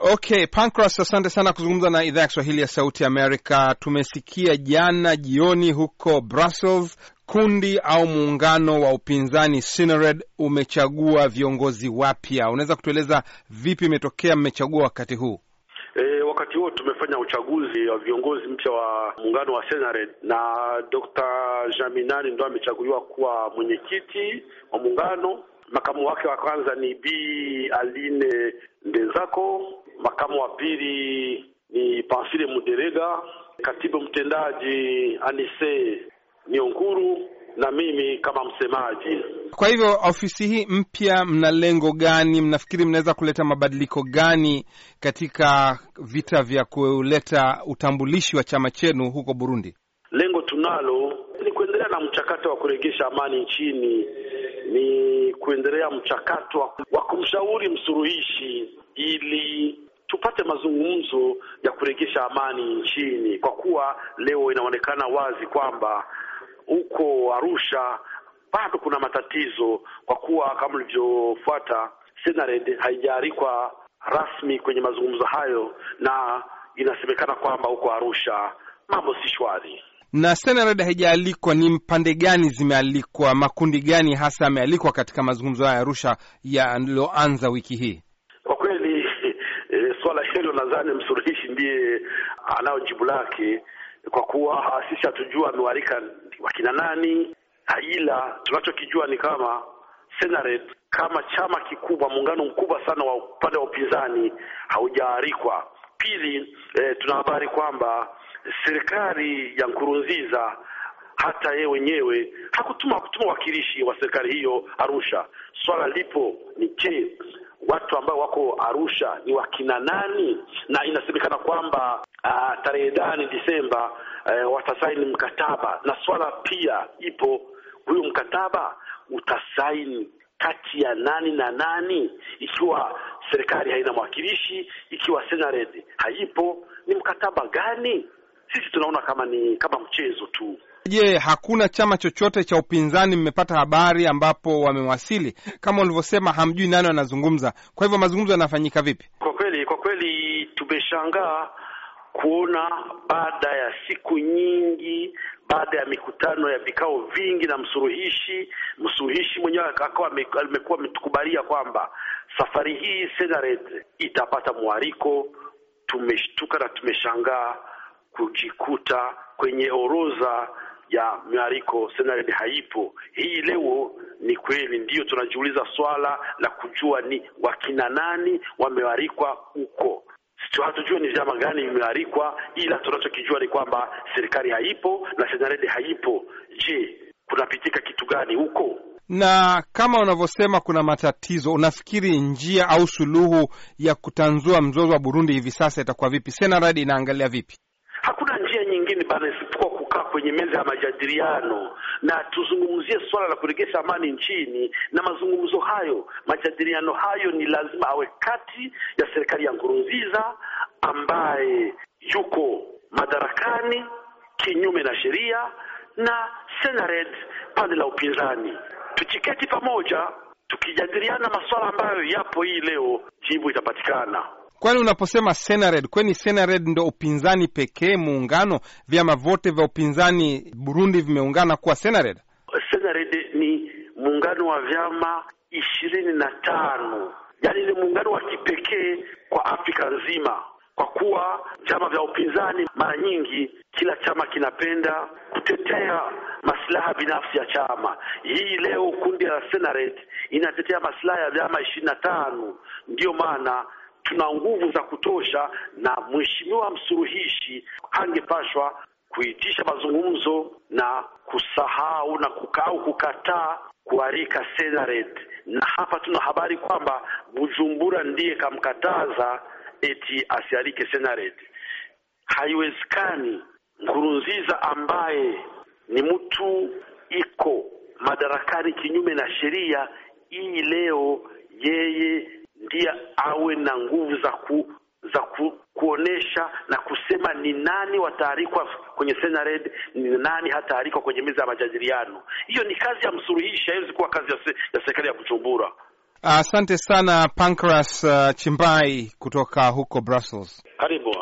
Okay, Pancras, asante sana kuzungumza na idhaa ya Kiswahili ya Sauti Amerika. Tumesikia jana jioni huko Brussels kundi au muungano wa upinzani Sinered umechagua viongozi wapya. Unaweza kutueleza vipi imetokea mmechagua wakati huu? E, wakati huo tumefanya uchaguzi wa viongozi mpya wa muungano wa Sinered na Dr. Jaminani ndo amechaguliwa kuwa mwenyekiti wa muungano. Makamu wake wa kwanza ni Bi Aline Ndezako makamu wa pili ni Pamfile Muderega, katibu mtendaji Anise Nionkuru na mimi kama msemaji. Kwa hivyo ofisi hii mpya, mna lengo gani? Mnafikiri mnaweza kuleta mabadiliko gani katika vita vya kuleta utambulishi wa chama chenu huko Burundi? Lengo tunalo ni kuendelea na mchakato wa kurejesha amani nchini, ni kuendelea mchakato wa kumshauri msuluhishi ili tupate mazungumzo ya kurejesha amani nchini, kwa kuwa leo inaonekana wazi kwamba huko Arusha bado kuna matatizo, kwa kuwa kama ulivyofuata, Senared haijaalikwa rasmi kwenye mazungumzo hayo, na inasemekana kwamba huko Arusha mambo si shwari na Senared haijaalikwa. Ni pande gani zimealikwa? Makundi gani hasa yamealikwa katika mazungumzo hayo ya Arusha yaliyoanza wiki hii? nadhani msuluhishi ndiye anao jibu lake, kwa kuwa sisi hatujua amewalika wakina nani, ila tunachokijua ni kama Senared, kama chama kikubwa, muungano mkubwa sana wa upande wa upinzani haujaarikwa Pili, e, tuna habari kwamba serikali ya Nkurunziza hata yeye wenyewe hakutuma kutuma wakilishi wa serikali hiyo Arusha. Swala lipo ni je, watu ambao wako Arusha ni wakina nani, na inasemekana kwamba uh, tarehe dani Disemba uh, watasaini mkataba, na swala pia ipo, huyu mkataba utasaini kati ya nani na nani, ikiwa serikali haina mwakilishi, ikiwa Senate haipo, ni mkataba gani? Sisi tunaona kama ni kama mchezo tu. Je, hakuna chama chochote cha upinzani mmepata habari ambapo wamewasili? Kama ulivyosema, hamjui nani wanazungumza, kwa hivyo mazungumzo yanafanyika vipi? Kwa kweli, kwa kweli tumeshangaa kuona baada ya siku nyingi, baada ya mikutano ya vikao vingi na msuruhishi, msuruhishi mwenyewe akawa amekuwa ametukubalia kwamba safari hii Senared itapata mwaliko. Tumeshtuka na tumeshangaa kujikuta kwenye orodha ya miariko senaredi haipo. Hii leo ni kweli, ndiyo tunajiuliza swala la kujua ni wakina nani wamewarikwa huko. Hatujue ni vyama gani vimewarikwa, ila tunachokijua ni kwamba serikali haipo na senaredi haipo. Je, kunapitika kitu gani huko? Na kama unavyosema kuna matatizo, unafikiri njia au suluhu ya kutanzua mzozo wa Burundi hivi sasa itakuwa vipi? Senaradi inaangalia vipi? Hakuna njia nyingine bana isipokuwa kwenye meza ya majadiliano na tuzungumzie suala la kurejesha amani nchini, na mazungumzo hayo, majadiliano hayo ni lazima awe kati ya serikali ya Nkurunziza ambaye yuko madarakani kinyume na sheria na Senared pande la upinzani. Tukiketi pamoja, tukijadiliana masuala ambayo yapo hii leo, jibu itapatikana. Kwani unaposema Senared, kwani Senared ndo upinzani pekee muungano? Vyama vyote vya upinzani Burundi vimeungana kuwa Senared. Senared ni muungano wa vyama ishirini na tano, yaani ni muungano wa kipekee kwa Afrika nzima, kwa kuwa vyama vya upinzani mara nyingi kila chama kinapenda kutetea maslaha binafsi ya chama. Hii leo kundi la Senared inatetea maslaha ya vyama ishirini na tano, ndiyo maana tuna nguvu za kutosha, na mheshimiwa msuluhishi angepashwa kuitisha mazungumzo na kusahau na kukau kukataa kuarika Senaret. Na hapa tuna habari kwamba Bujumbura ndiye kamkataza eti asiarike Senaret. Haiwezekani. Nkurunziza ambaye ni mtu iko madarakani kinyume na sheria, hii leo yeye ndiye wawe na nguvu za ku, za ku, kuonesha na kusema ni nani wataarikwa kwenye senared, ni nani hataarikwa kwenye meza ya majadiliano. Hiyo ni kazi ya msuluhishi, haiwezi kuwa kazi ya serikali ya, ya kuchumbura. Asante sana Pancras uh, Chimbai kutoka huko Brussels. Karibu.